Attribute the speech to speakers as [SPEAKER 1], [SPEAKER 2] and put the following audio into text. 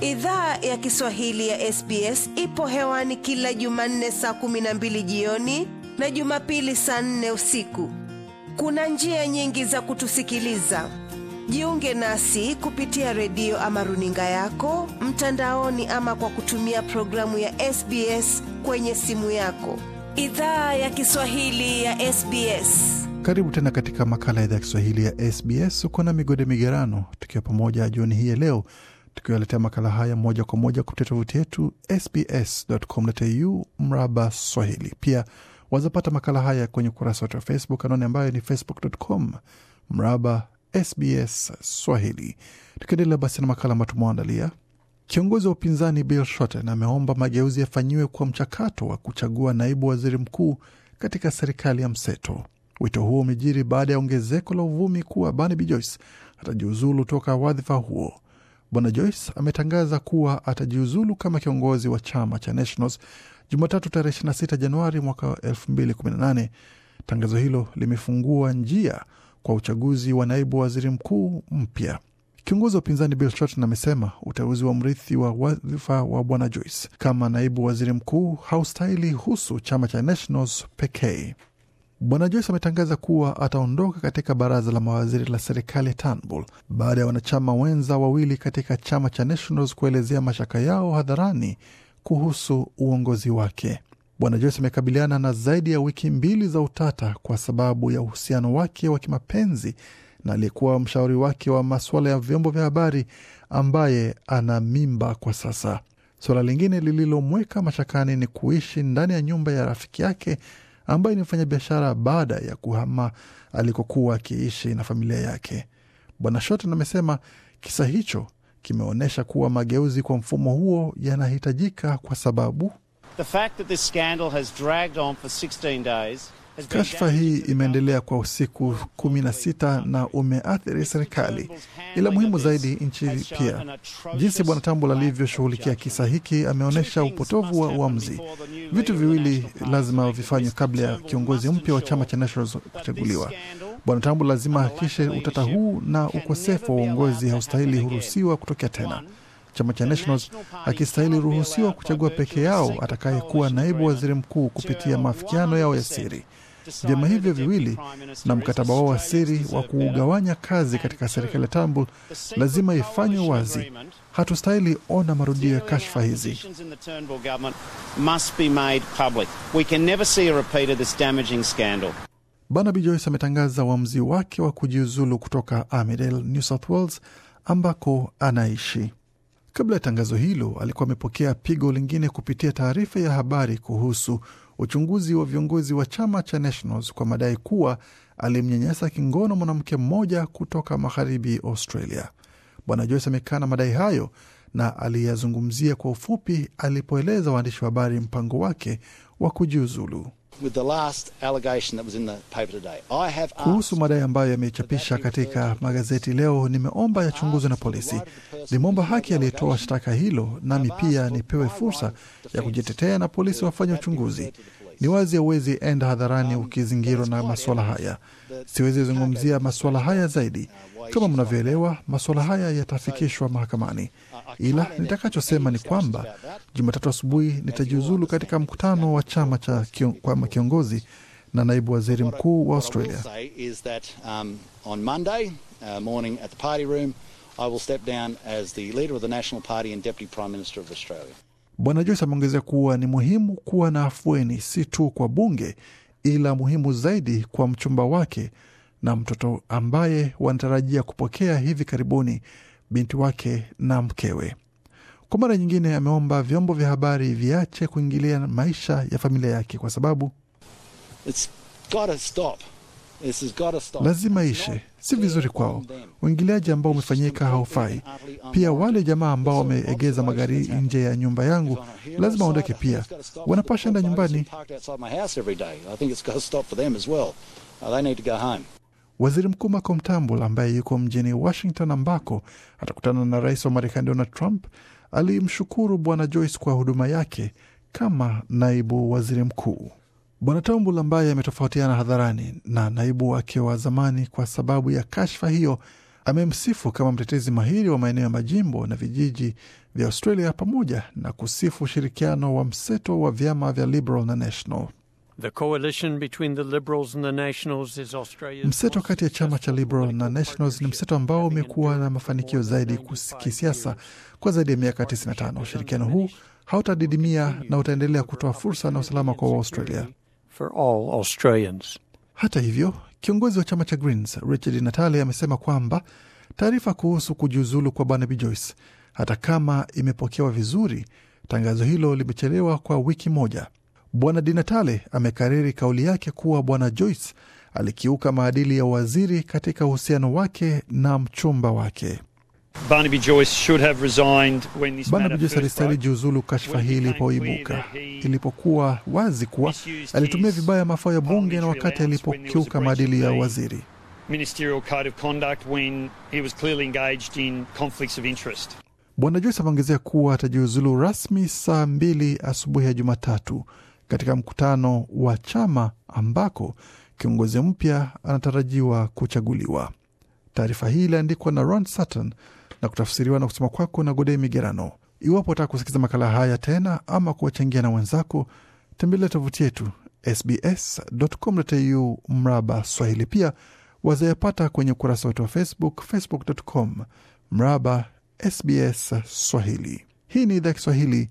[SPEAKER 1] Idhaa ya Kiswahili ya SBS ipo hewani kila Jumanne saa kumi na mbili jioni na Jumapili saa nne usiku. Kuna njia nyingi za kutusikiliza. Jiunge nasi kupitia redio ama runinga yako mtandaoni, ama kwa kutumia programu ya SBS kwenye simu yako. Idhaa ya Kiswahili ya SBS. Karibu tena katika makala ya idhaa ya Kiswahili ya SBS. Uko na Migode Migerano tukiwa pamoja jioni hii ya leo tukiwaletea makala haya moja kwa moja kupitia tovuti yetu sbs.com.au mraba Swahili. Pia wazapata makala haya kwenye ukurasa wetu wa Facebook, anwani ambayo ni facebook.com mraba SBS Swahili. Tukiendelea basi na makala ambayo tumewaandalia, kiongozi wa upinzani Bill Shorten ameomba mageuzi yafanyiwe kwa mchakato wa kuchagua naibu waziri mkuu katika serikali ya mseto. Wito huo umejiri baada ya ongezeko la uvumi kuwa Barnaby Joyce atajiuzulu toka wadhifa huo. Bwana Joyce ametangaza kuwa atajiuzulu kama kiongozi wa chama cha Nationals Jumatatu tarehe 26 Januari mwaka 2018. Tangazo hilo limefungua njia kwa uchaguzi wa naibu waziri mkuu mpya. Kiongozi wa upinzani Bill Shorten amesema uteuzi wa mrithi wa wadhifa wa bwana Joyce kama naibu waziri mkuu haustahili husu chama cha Nationals pekee. Bwana Joyce ametangaza kuwa ataondoka katika baraza la mawaziri la serikali ya Turnbull baada ya wanachama wenza wawili katika chama cha Nationals kuelezea mashaka yao hadharani kuhusu uongozi wake. Bwana Joyce amekabiliana na zaidi ya wiki mbili za utata kwa sababu ya uhusiano wake wa kimapenzi na aliyekuwa mshauri wake wa masuala ya vyombo vya habari ambaye ana mimba kwa sasa. Suala lingine lililomweka mashakani ni kuishi ndani ya nyumba ya rafiki yake ambaye ni mfanyabiashara baada ya kuhama alikokuwa akiishi na familia yake. Bwana Shoten amesema kisa hicho kimeonyesha kuwa mageuzi kwa mfumo huo yanahitajika kwa sababu The fact that this Kashfa hii imeendelea kwa siku kumi na sita na umeathiri serikali, ila muhimu zaidi nchi pia. Jinsi Bwana Tambul alivyoshughulikia kisa hiki ameonyesha upotovu wa uamuzi. Vitu viwili lazima vifanywe kabla ya kiongozi mpya wa chama cha Nationals kuchaguliwa. Bwana Tambul lazima ahakikishe utata huu na ukosefu wa uongozi haustahili huruhusiwa kutokea tena. Chama cha Nationals akistahili ruhusiwa kuchagua peke yao atakayekuwa naibu waziri mkuu kupitia maafikiano yao ya siri vyama hivyo viwili na mkataba wao wa siri wa kuugawanya kazi katika serikali ya Tambul lazima ifanywe wazi. Hatustahili ona marudio ya kashfa hizi. Barnaby Joyce ametangaza uamuzi wake wa kujiuzulu kutoka Armidale, New South Wales, ambako anaishi. Kabla ya tangazo hilo, alikuwa amepokea pigo lingine kupitia taarifa ya habari kuhusu uchunguzi wa viongozi wa chama cha Nationals kwa madai kuwa alimnyanyasa kingono mwanamke mmoja kutoka magharibi Australia. Bwana Joyce amekana madai hayo na aliyazungumzia kwa ufupi alipoeleza waandishi wa habari mpango wake wa kujiuzulu. Kuhusu madai ambayo yamechapisha katika magazeti leo, nimeomba yachunguzwe na polisi. Nimeomba haki aliyetoa shtaka hilo, nami pia nipewe fursa ya kujitetea na polisi wafanye uchunguzi. Ni wazi huwezi enda hadharani ukizingirwa na masuala haya. Siwezi zungumzia masuala haya zaidi. Kama mnavyoelewa, masuala haya yatafikishwa mahakamani, ila nitakachosema ni kwamba Jumatatu asubuhi nitajiuzulu katika mkutano wa chama cha kion, kwa kiongozi na naibu waziri mkuu wa Australia. Bwana Joyce ameongezea kuwa ni muhimu kuwa na afueni si tu kwa bunge, ila muhimu zaidi kwa mchumba wake na mtoto ambaye wanatarajia kupokea hivi karibuni binti wake na mkewe. Kwa mara nyingine, ameomba vyombo vya habari viache kuingilia maisha ya familia yake kwa sababu It's lazima ishe, si vizuri kwao. Uingiliaji ambao umefanyika haufai. Pia wale jamaa ambao wameegeza magari nje ya nyumba yangu lazima waondoke pia, wanapasha enda nyumbani. Uh, waziri Mkuu Malcolm Turnbull ambaye yuko mjini Washington ambako atakutana na rais wa Marekani Donald Trump alimshukuru Bwana Joyce kwa huduma yake kama naibu waziri mkuu. Bwana Tombul ambaye ametofautiana hadharani na naibu wake wa zamani kwa sababu ya kashfa hiyo amemsifu kama mtetezi mahiri wa maeneo ya majimbo na vijiji vya Australia pamoja na kusifu ushirikiano wa mseto wa vyama vya Liberal na National. The coalition between the Liberals and the Nationals is Australia's mseto kati ya chama cha Liberal na Nationals ni mseto ambao umekuwa na mafanikio zaidi kisiasa kwa zaidi ya miaka 95. Ushirikiano huu hautadidimia na utaendelea kutoa fursa na usalama kwa Waustralia for all Australians. Hata hivyo, kiongozi wa chama cha Greens Richard Natale amesema kwamba taarifa kuhusu kujiuzulu kwa Barnaby Joyce, hata kama imepokewa vizuri, tangazo hilo limechelewa kwa wiki moja. Bwana dinatale amekariri kauli yake kuwa Bwana Joyce alikiuka maadili ya waziri katika uhusiano wake na mchumba wake. Barnabas alistahili jiuzulu kashfa hii ilipoibuka, ilipokuwa wazi kuwa alitumia vibaya mafao ya bunge na wakati alipokiuka maadili ya waziri. Bwana Joyce ameongezea kuwa atajiuzulu rasmi saa mbili asubuhi ya Jumatatu katika mkutano wa chama ambako kiongozi mpya anatarajiwa kuchaguliwa. Taarifa hii iliandikwa na Ron Sutton na kutafsiriwa na kusoma kwako na Gode Migerano. Iwapo wataka kusikiza makala haya tena ama kuwachangia na wenzako, tembelea tovuti yetu sbs.com.au mraba Swahili. Pia wazayapata kwenye ukurasa wetu wa Facebook, facebook.com mraba SBS Swahili. Hii ni idhaa Kiswahili